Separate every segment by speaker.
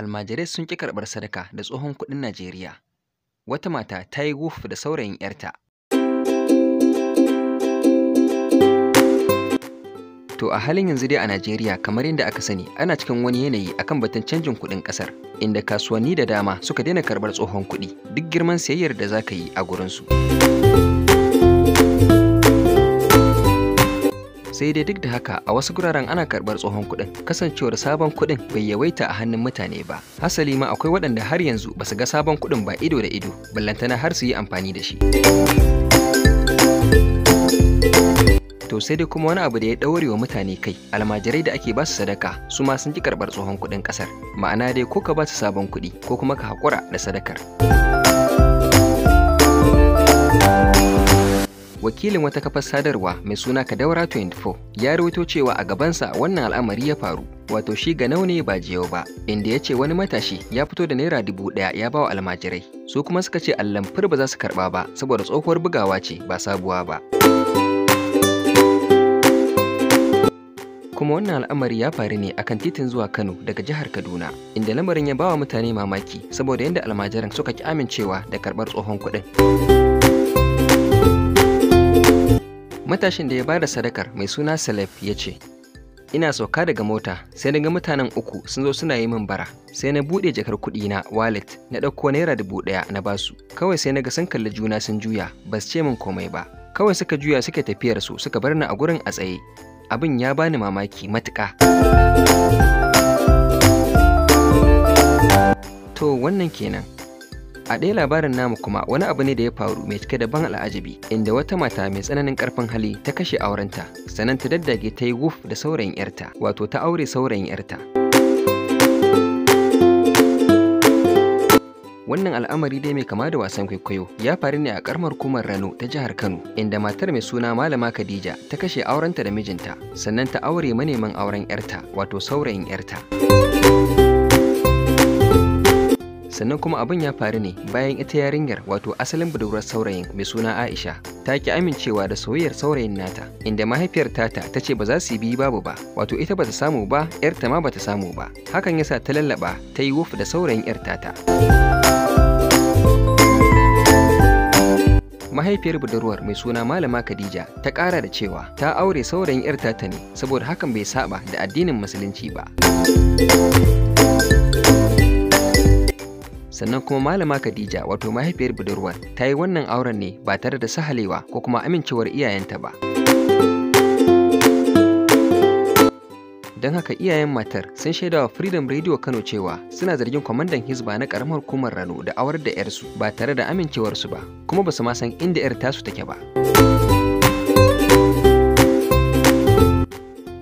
Speaker 1: almajirai sun ƙi karɓar sadaka da tsohon kuɗin Najeriya. Wata mata ta yi wuf da saurayin 'yarta. To a halin yanzu dai a Najeriya kamar yadda aka sani ana cikin wani yanayi akan batun canjin kuɗin ƙasar inda kasuwanni da dama suka daina karɓar tsohon kuɗi duk girman sayayyar da za ka yi a gurinsu. sai dai duk da haka a wasu guraren ana karɓar tsohon kuɗin kasancewar sabon kuɗin bai yawaita a hannun mutane ba hasali ma akwai waɗanda har yanzu ba su ga sabon kuɗin ba ido da ido ballantana har su yi amfani da shi to sai dai kuma wani abu da ya ɗaure wa mutane kai almajirai da ake ba su sadaka su ma sun ƙi karɓar tsohon kuɗin ƙasar ma'ana dai ko ka ba su sabon kuɗi ko kuma ka haƙura da sadakar. wakilin wata kafar sadarwa mai suna Kadaura 24 ya rawaito cewa a gabansa wannan al'amari ya faru wato shi ga naune ba jiyau ba inda ya ce wani matashi ya fito da naira dubu ɗaya ya bawa almajirai su kuma suka ce allamfir ba za su karɓa ba saboda tsohuwar bugawa ce ba sabuwa ba. kuma wannan al'amari ya faru ne akan titin zuwa Kano daga jihar Kaduna, inda lamarin ya bawa mutane mamaki saboda yadda almajiran suka ki amincewa da karɓar tsohon kuɗin. Matashin da ya bada sadakar mai suna Salef ya ce, Ina sauka daga mota sai na ga mutanen uku sun zo suna yi min bara sai na buɗe jakar kuɗi na wallet na ɗauko naira dubu ɗaya na basu kawai sai na ga sun kalli juna sun juya ba su ce min komai ba kawai suka juya suke tafiyar su suka bar ni a gurin a tsaye abin ya bani mamaki matuƙa. To wannan kenan. A ɗaya labarin namu kuma wani abu ne da ya faru mai cike da ban al'ajabi inda wata mata mai tsananin ƙarfin hali ta kashe aurenta sannan ta daddage ta yi wuf da saurayin 'yarta wato ta aure saurayin 'yarta. wannan al'amari dai mai kama da wasan kwaikwayo ya faru ne a karamar kumar rano ta jihar kano inda matar mai suna malama khadija ta kashe aurenta da mijinta sannan ta aure maneman auren 'yarta wato saurayin 'yarta. sannan kuma abin ya faru ne bayan ita yarinyar wato asalin budurwar saurayin mai suna Aisha ta ki amincewa da soyayyar saurayin nata inda mahaifiyar tata ta ce ba za su bi babu ba wato ita ba ta samu ba yarta ma ba ta samu ba hakan yasa ta lallaba ta yi wuf da saurayin yar tata. mahaifiyar budurwar mai suna malama Khadija ta kara da cewa ta aure saurayin 'yar tata ne saboda hakan bai saba da addinin musulunci ba. sannan kuma malama Khadija wato mahaifiyar budurwar ta yi wannan auren ne ba tare da sahalewa ko kuma amincewar iyayenta ba. don haka iyayen matar sun shaida wa freedom radio kano cewa suna zargin kwamandan hizba na karamar hukumar rano da awar da yarsu ba tare da amincewarsu ba kuma ba su ma san inda yar tasu take ba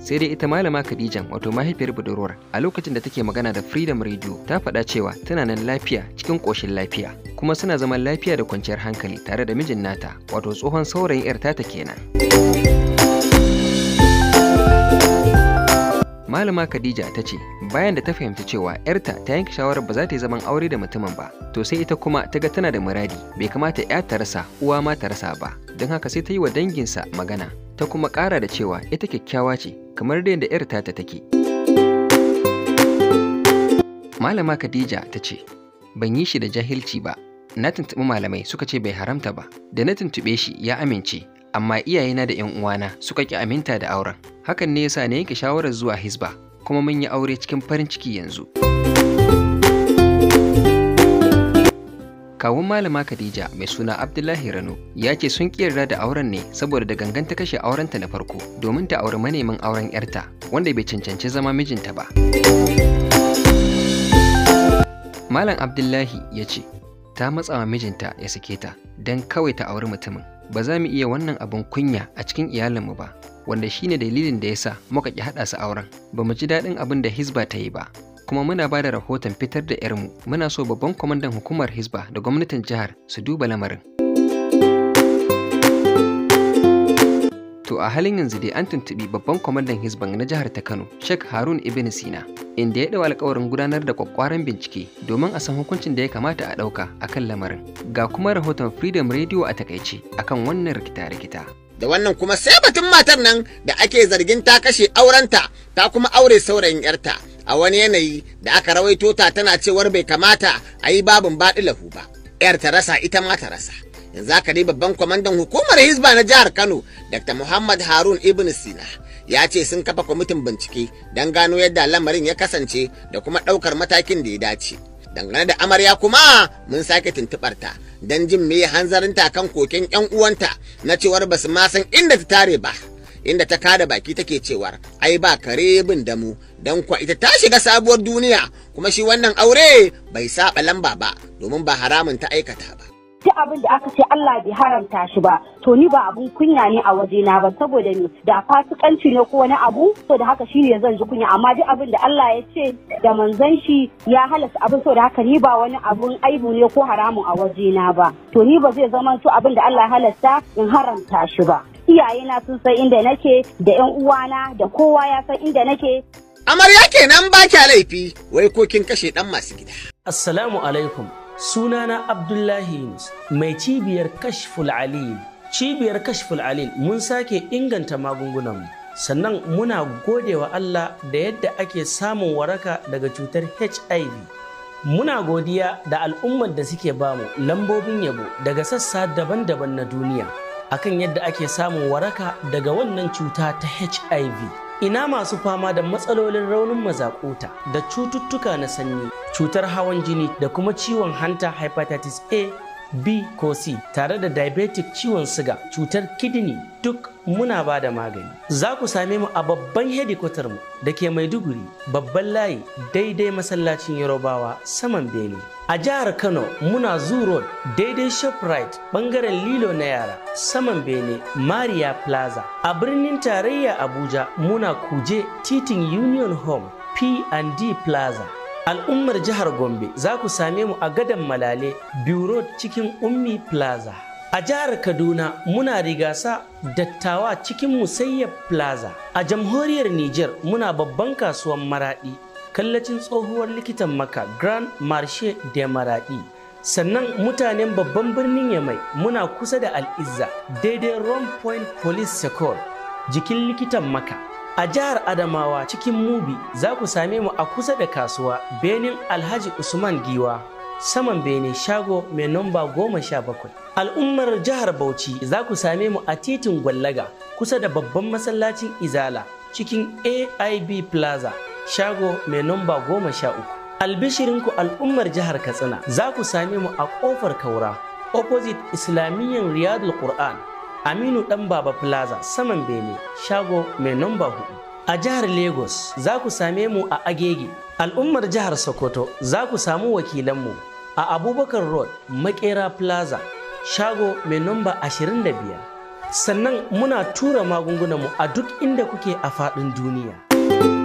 Speaker 1: sai dai ita malama Khadijan wato mahaifiyar budurwar a lokacin da take magana da Freedom Radio ta faɗa cewa tana nan lafiya cikin ƙoshin lafiya kuma suna zaman lafiya da kwanciyar hankali tare da mijin nata wato tsohon saurayin 'yar tata kenan. Malama Khadija ta ce bayan da ta fahimci cewa ‘yarta ta yanke shawarar ba za ta yi zaman aure da mutumin ba, to sai ita kuma ta ga tana da muradi bai kamata ‘ya ta rasa uwa ma ta rasa ba, don haka sai ta yi wa danginsa magana. Ta kuma ƙara da cewa ita kyakkyawa ce kamar da yadda 'yar tata take malama khadija ta ce ban yi shi da jahilci ba na tuntuɓi malamai suka ce bai haramta ba da na tuntuɓe shi ya amince amma iyayena da 'yan uwana suka ƙi aminta da auren hakan ne yasa na yanke shawarar zuwa hisba kuma mun yi aure cikin farin ciki yanzu kawun malama khadija mai suna abdullahi rano ya ce sun yarda da auren ne saboda da gangan ta kashe aurenta na farko domin ta auri manemin auren yarta wanda bai cancanci zama mijinta ba malam abdullahi ya ce ta matsa wa mijinta ya sake ta don kawai ta auri mutumin ba za mu iya wannan abin kunya a cikin iyalinmu ba wanda shine dalilin da ya sa muka ki haɗa su auren ba mu ji daɗin abin da hisba ta yi ba kuma muna ba da rahoton fitar da 'yarmu muna so babban kwamandan hukumar hisba da gwamnatin jihar su duba lamarin To a halin yanzu dai an tuntuɓi babban kwamandan hisban na jihar ta Kano, shek Harun Ibn Sina, inda ya ɗau alƙawarin gudanar da kwakwaran bincike domin a san hukuncin da ya kamata a ɗauka akan lamarin. Ga kuma rahoton Freedom Radio a takaice akan wannan rikita-rikita. Da wannan kuma sai batun matar nan da ake zargin ta kashe aurenta ta kuma aure saurayin 'yarta. a wani yanayi da aka rawaito ta tana cewar bai kamata a yi babin baɗilahu ba yar ta rasa ita ma ta rasa yanzu aka dai babban kwamandan hukumar hizba na jihar kano dr muhammad harun ibn sina ya ce sun kafa kwamitin bincike don gano yadda lamarin ya kasance da kuma ɗaukar matakin da ya dace dangane da amarya kuma mun sake tuntuɓarta ta don jin me hanzarinta kan koken 'yan uwanta na cewar basu ma san inda ta tare ba inda ta kada baki take cewa ai ba kare bin damu don kwa ita ta shiga sabuwar duniya kuma shi wannan aure bai saba lamba ba domin ba haramun ta aikata ba.
Speaker 2: duk abin da aka ce Allah bai haramta shi ba to ni ba abun kunya ne a waje na ba saboda ni da fasikanci ne ko wani abu to da haka shine zan ji kunya amma duk abin da Allah ya ce da manzon shi ya halasta abin so da haka ni ba wani abun aibu ne ko haramun a waje na ba to ni ba zai zama to abin da Allah ya halasta in haramta shi ba iyayena sun san inda nake da yan uwana da kowa ya san inda nake amarya kenan ba kya laifi wai ko kin kashe dan masu gida assalamu alaikum sunana abdullahi yunus mai cibiyar kashful alil cibiyar kashful alil mun sake inganta magungunanmu sannan muna godewa Allah da yadda ake samun waraka daga cutar HIV. Muna godiya da al'ummar da suke bamu lambobin yabo daga sassa daban-daban na duniya. akan yadda ake samun waraka daga wannan cuta ta HIV. Ina masu fama da matsalolin raunin mazakuta da cututtuka na sanyi, cutar hawan jini da kuma ciwon hanta hepatitis A b ko c tare da diabetic ciwon suga, cutar kidney duk muna ba da magani za ku same mu a babban hedikwatar mu da ke maiduguri babban layi daidai masallacin yarobawa saman bene a jihar kano muna zoo road daidai shoprite bangaren lilo na yara saman bene maria plaza a birnin tarayya abuja muna kuje titin union home p&d plaza al'ummar jihar gombe za ku same mu a gadon malale biro cikin ummi plaza a jihar kaduna muna rigasa dattawa cikin musayyar plaza a jamhuriyar niger muna babban kasuwan maradi kallacin tsohuwar likitan maka grand marche de maradi sannan mutanen babban birnin yamai muna kusa da al'izza daidai rome point police secor jikin likitan maka A jihar Adamawa cikin Mubi za ku same mu a kusa da kasuwa Benin Alhaji Usman Giwa saman Benin Shago mai nomba goma sha bakwai. Al'ummar jihar Bauchi za ku same mu a titin Gwallaga kusa da babban masallacin Izala cikin AIB Plaza Shago mai nomba goma sha uku. Albishirinku al'ummar jihar Katsina za ku same mu a ƙofar Kaura opposite Islamiyyar Riyadul Qur'an aminu dan baba plaza saman bene shago mai namba hudu a jihar lagos za ku same mu a agege al'ummar jihar sokoto za ku samu wakilanmu a abubakar road makera plaza shago mai namba 25 sannan muna tura magungunanmu a duk inda kuke a faɗin duniya.